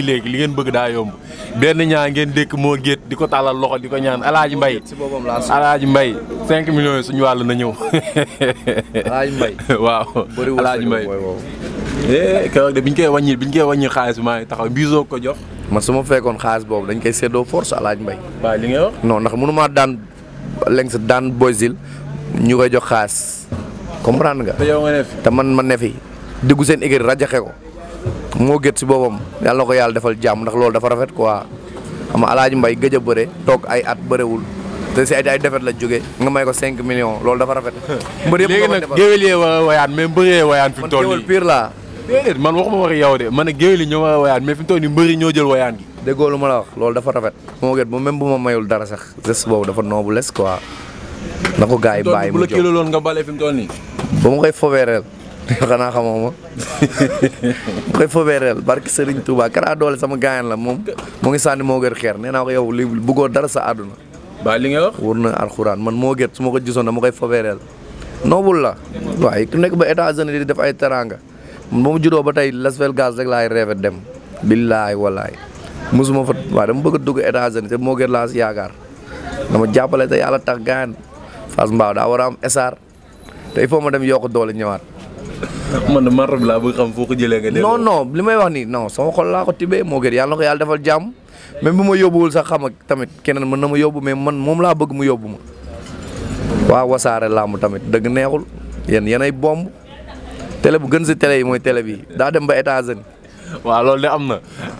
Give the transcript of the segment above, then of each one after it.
léegi li ngeen bëgg daa yomb benn ñaa ngeen dékk moo géet di ko tàllal loxo di ko ñaan alaaji mbay alaaji mbay cinq millions yi suñu wàll na ñëw alaaji mbay waaw alaaji mbay eh, keroog de biñ koy wàññi biñ koy wàññi xaalis bi maa ngi taxaw mbiisoo ko jox ma su ma fekkoon xaalis boobu dañ koy séddoo force alaaji mbay waaw li ngay wax non ndax mënu daan leng sa daan boysil ñu koy jox xaalis comprendre nga te man man ne fi dugg seen écrit rajaxe ko moo gët si boppam yàlla na ko yàlla defal jàmm ndax loolu dafa rafet quoi ama alaaji mbay gëj a bëre toog ay at bërewul te si ay ay defet la jóge nga may ko 5 millions loolu dafa rafet. mbër yëpp léegi nag géwél yee war a wayaan mais mbër yee wayaan. fi mu toll nii man géwél pire laa. déedéet man waxuma waxi yow de man nag géwél yi ñoo war a wayaan mais fi mu toll nii mbër yi ñoo jël wayaan gi. déggoo lu ma la wax loolu dafa rafet. moo gët bu même bu ma mayul dara sax geste boobu dafa noble quoi. na ko gars yi bàyyi mu jóg bu la kiloloon nga bale fi mu toll nii. ba ma koy fobeereel xanaa xamoo ma koy fobeereel barki Serigne Touba Kara Dollé sama gaayan la moom mu ngi sànni moo gën xeer nee naa ko yow li bëggoo dara sa àdduna. ba li nga wax. wër na alxuraan man moo gën su ma ko na dama koy fobeereel noobul la. waaye ku nekk ba États-Unis di def ay teraanga ba mu juddoo ba tey Las Vegas rek laay rêvé dem. billaay walaay mosuma fa waaw dama bëgg a dugg états te moo gën laa si yaakaar ma jàppale te yàlla tax gaayan Fass te il ma dem yokk doole ñëwaat. man marab laa bëgg xam foo ko nga. delloo non non li may wax nii non sama xol laa moo gën yàlla na ko yàlla defal jàmm. même bu ma yóbbuwul sax xam ak tamit keneen mën na ma yóbbu mais man moom laa bëgg mu yóbbu ma. waaw wasaare làmb tamit dagg neexul yéen yéen ay bomb tele bu gën si télé yi mooy tele bi daa dem ba États-Unis waaw loolu de am na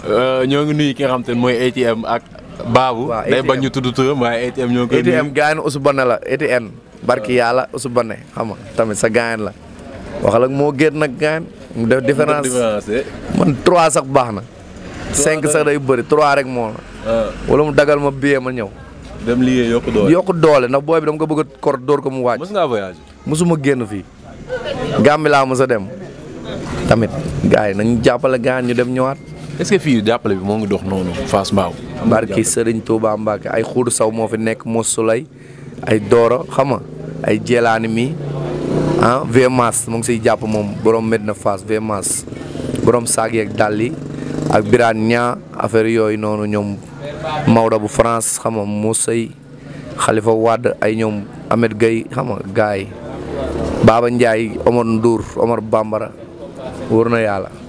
euh, ñoo ngi nuyu ki nga xam te ne mooy ATM ak. Baabu day bañ ñu tudd turam waaye ATM ñoo ngi ATM gaañ na Ousbane la ATM. barki euh. yàlla Ousbane ba nga tamit sa gaañ la. waxal lag moo génn nag gaan mu def différence eh. man trois sax baax na. cinq sax day bëri trois rek moo la. Ah. wala mu dagal ma billet ma ñëw. dem liggéey yokku doole yokku doole ndax booy bi dama ko bëgg a kor dóor ko mu waaj. mos ngaa voyagé. mosuma génn fii. Gàmbi laa mos a dem. tamit gars yi nañu jàppale gaan ñu dem ñëwaat. est-ce que fii jàppale bi moo ngi dox noonu fas Mbao. barki Serigne tuubaa Mbacke ay xuur saw moo fi nekk Moussa Souley ay Doro xam ay Jelaani mii ah Vmas mu ngi siy jàpp moom borom Medina Fass Vmas borom saag yeeg dàll yi ak Birane ñaa affaire yooyu noonu ñoom Maodo bu France xam nga Moussey Khalifa Wade ay ñoom Ahmed Gueye xam nga gars yi Baba Ndiaye Omar Ndour Bambara wóor na yàlla.